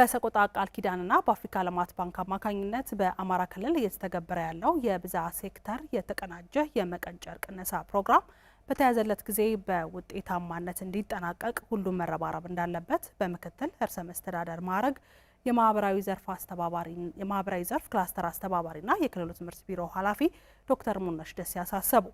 በሰቆጣ ቃል ኪዳንና በአፍሪካ ልማት ባንክ አማካኝነት በአማራ ክልል እየተተገበረ ያለው የብዛ ሴክተር የተቀናጀ የመቀንጨር ቅነሳ ፕሮግራም በተያዘለት ጊዜ በውጤታማነት እንዲጠናቀቅ ሁሉም መረባረብ እንዳለበት በምክትል እርሰ መስተዳደር ማዕረግ የማህበራዊ ዘርፍ አስተባባሪ የማህበራዊ ዘርፍ ክላስተር አስተባባሪና የክልሉ ትምህርት ቢሮ ኃላፊ ዶክተር ሙነሽ ደሴ አሳሰቡ።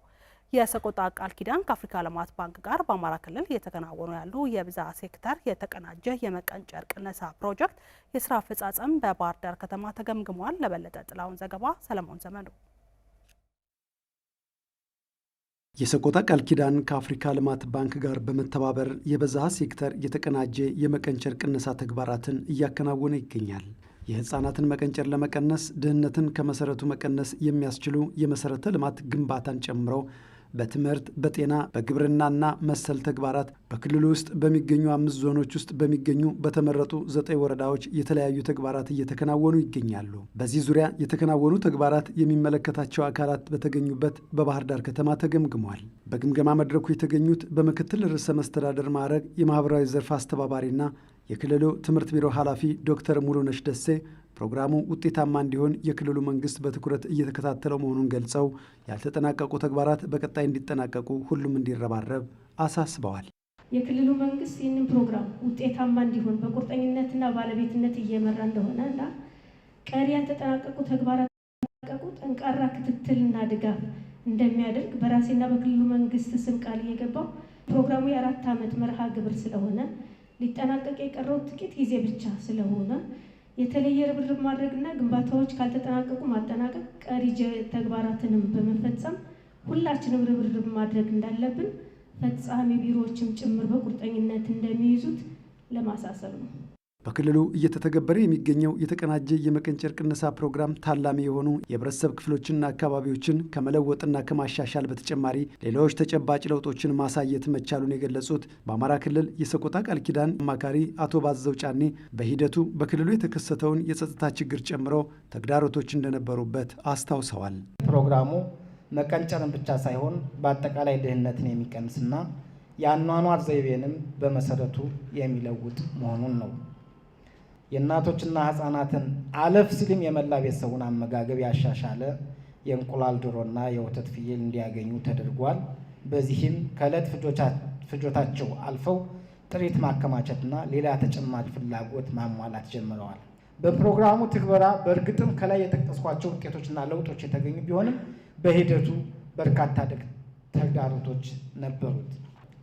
የሰቆጣ ቃል ኪዳን ከአፍሪካ ልማት ባንክ ጋር በአማራ ክልል እየተከናወኑ ያሉ የብዛ ሴክተር የተቀናጀ የመቀንጨር ቅነሳ ፕሮጀክት የስራ አፈጻጸም በባህር ዳር ከተማ ተገምግሟል። ለበለጠ ጥላውን ዘገባ ሰለሞን ዘመኑ የሰቆጣ ቃል ኪዳን ከአፍሪካ ልማት ባንክ ጋር በመተባበር የብዝሃ ሴክተር የተቀናጀ የመቀንጨር ቅነሳ ተግባራትን እያከናወነ ይገኛል። የህፃናትን መቀንጨር ለመቀነስ ድህነትን ከመሰረቱ መቀነስ የሚያስችሉ የመሰረተ ልማት ግንባታን ጨምሮ በትምህርት፣ በጤና፣ በግብርናና መሰል ተግባራት በክልሉ ውስጥ በሚገኙ አምስት ዞኖች ውስጥ በሚገኙ በተመረጡ ዘጠኝ ወረዳዎች የተለያዩ ተግባራት እየተከናወኑ ይገኛሉ። በዚህ ዙሪያ የተከናወኑ ተግባራት የሚመለከታቸው አካላት በተገኙበት በባህር ዳር ከተማ ተገምግሟል። በግምገማ መድረኩ የተገኙት በምክትል ርዕሰ መስተዳደር ማዕረግ የማህበራዊ ዘርፍ አስተባባሪና የክልሉ ትምህርት ቢሮ ኃላፊ ዶክተር ሙሉነሽ ደሴ ፕሮግራሙ ውጤታማ እንዲሆን የክልሉ መንግስት በትኩረት እየተከታተለው መሆኑን ገልጸው ያልተጠናቀቁ ተግባራት በቀጣይ እንዲጠናቀቁ ሁሉም እንዲረባረብ አሳስበዋል። የክልሉ መንግስት ይህንን ፕሮግራም ውጤታማ እንዲሆን በቁርጠኝነትና ባለቤትነት እየመራ እንደሆነ እና ቀሪ ያልተጠናቀቁ ተግባራት ጠናቀቁ ጠንካራ ክትትልና ድጋፍ እንደሚያደርግ በራሴና በክልሉ መንግስት ስም ቃል እየገባው ፕሮግራሙ የአራት ዓመት መርሃ ግብር ስለሆነ ሊጠናቀቅ የቀረው ጥቂት ጊዜ ብቻ ስለሆነ የተለየ ርብርብ ማድረግና ግንባታዎች ካልተጠናቀቁ ማጠናቀቅ ቀሪ ተግባራትንም በመፈጸም ሁላችንም ርብርብ ማድረግ እንዳለብን ፈጻሚ ቢሮዎችም ጭምር በቁርጠኝነት እንደሚይዙት ለማሳሰብ ነው። በክልሉ እየተተገበረ የሚገኘው የተቀናጀ የመቀንጨር ቅነሳ ፕሮግራም ታላሚ የሆኑ የህብረተሰብ ክፍሎችና አካባቢዎችን ከመለወጥና ከማሻሻል በተጨማሪ ሌሎች ተጨባጭ ለውጦችን ማሳየት መቻሉን የገለጹት በአማራ ክልል የሰቆጣ ቃል ኪዳን አማካሪ አቶ ባዘው ጫኔ በሂደቱ በክልሉ የተከሰተውን የጸጥታ ችግር ጨምሮ ተግዳሮቶች እንደነበሩበት አስታውሰዋል። ፕሮግራሙ መቀንጨርን ብቻ ሳይሆን በአጠቃላይ ድህነትን የሚቀንስና የአኗኗር ዘይቤንም በመሰረቱ የሚለውጥ መሆኑን ነው የእናቶችና ህፃናትን አለፍ ሲልም የመላ ቤተሰቡን አመጋገብ ያሻሻለ የእንቁላል ዶሮና የወተት ፍየል እንዲያገኙ ተደርጓል። በዚህም ከዕለት ፍጆታቸው አልፈው ጥሪት ማከማቸትና ሌላ ተጨማሪ ፍላጎት ማሟላት ጀምረዋል። በፕሮግራሙ ትግበራ በእርግጥም ከላይ የጠቀስኳቸው ውጤቶችና ለውጦች የተገኙ ቢሆንም በሂደቱ በርካታ ተግዳሮቶች ነበሩት።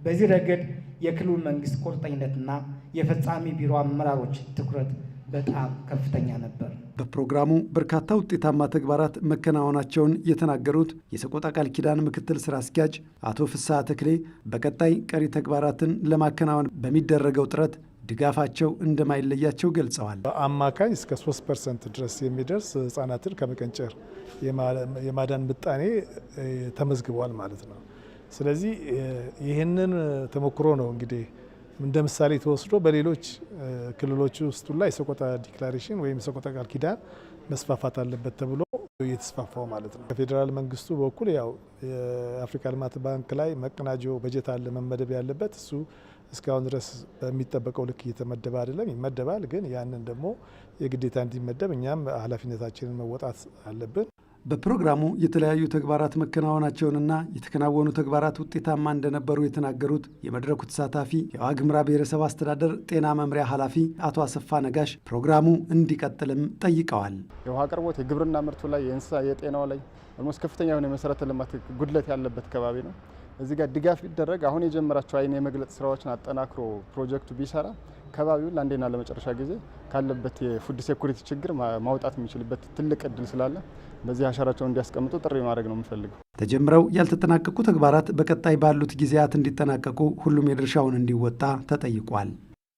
በዚህ ረገድ የክልሉ መንግስት ቁርጠኝነትና የፈጻሚ ቢሮ አመራሮች ትኩረት በጣም ከፍተኛ ነበር። በፕሮግራሙ በርካታ ውጤታማ ተግባራት መከናወናቸውን የተናገሩት የሰቆጣ ቃል ኪዳን ምክትል ስራ አስኪያጅ አቶ ፍስሐ ተክሌ በቀጣይ ቀሪ ተግባራትን ለማከናወን በሚደረገው ጥረት ድጋፋቸው እንደማይለያቸው ገልጸዋል። በአማካይ እስከ 3 ፐርሰንት ድረስ የሚደርስ ህጻናትን ከመቀንጨር የማዳን ምጣኔ ተመዝግቧል ማለት ነው። ስለዚህ ይህንን ተሞክሮ ነው እንግዲህ እንደ ምሳሌ ተወስዶ በሌሎች ክልሎች ውስጥ ላይ የሰቆጣ ዲክላሬሽን ወይም የሰቆጣ ቃል ኪዳን መስፋፋት አለበት ተብሎ እየተስፋፋው ማለት ነው። ከፌዴራል መንግስቱ በኩል ያው የአፍሪካ ልማት ባንክ ላይ መቀናጆ በጀት አለ መመደብ ያለበት እሱ እስካሁን ድረስ በሚጠበቀው ልክ እየተመደበ አይደለም። ይመደባል፣ ግን ያንን ደግሞ የግዴታ እንዲመደብ እኛም ኃላፊነታችንን መወጣት አለብን። በፕሮግራሙ የተለያዩ ተግባራት መከናወናቸውንና የተከናወኑ ተግባራት ውጤታማ እንደነበሩ የተናገሩት የመድረኩ ተሳታፊ የዋግምራ ብሔረሰብ አስተዳደር ጤና መምሪያ ኃላፊ አቶ አሰፋ ነጋሽ ፕሮግራሙ እንዲቀጥልም ጠይቀዋል። የውሃ አቅርቦት፣ የግብርና ምርቱ ላይ፣ የእንስሳ የጤናው ላይ ኦልሞስት ከፍተኛ የሆነ የመሰረተ ልማት ጉድለት ያለበት ከባቢ ነው። እዚህ ጋር ድጋፍ ቢደረግ አሁን የጀመራቸው አይን የመግለጽ ስራዎችን አጠናክሮ ፕሮጀክቱ ቢሰራ ከባቢውን ለአንዴና ለመጨረሻ ጊዜ ካለበት የፉድ ሴኩሪቲ ችግር ማውጣት የሚችልበት ትልቅ እድል ስላለ በዚህ አሻራቸውን እንዲያስቀምጡ ጥሪ ማድረግ ነው የምፈልገው። ተጀምረው ያልተጠናቀቁ ተግባራት በቀጣይ ባሉት ጊዜያት እንዲጠናቀቁ ሁሉም የድርሻውን እንዲወጣ ተጠይቋል።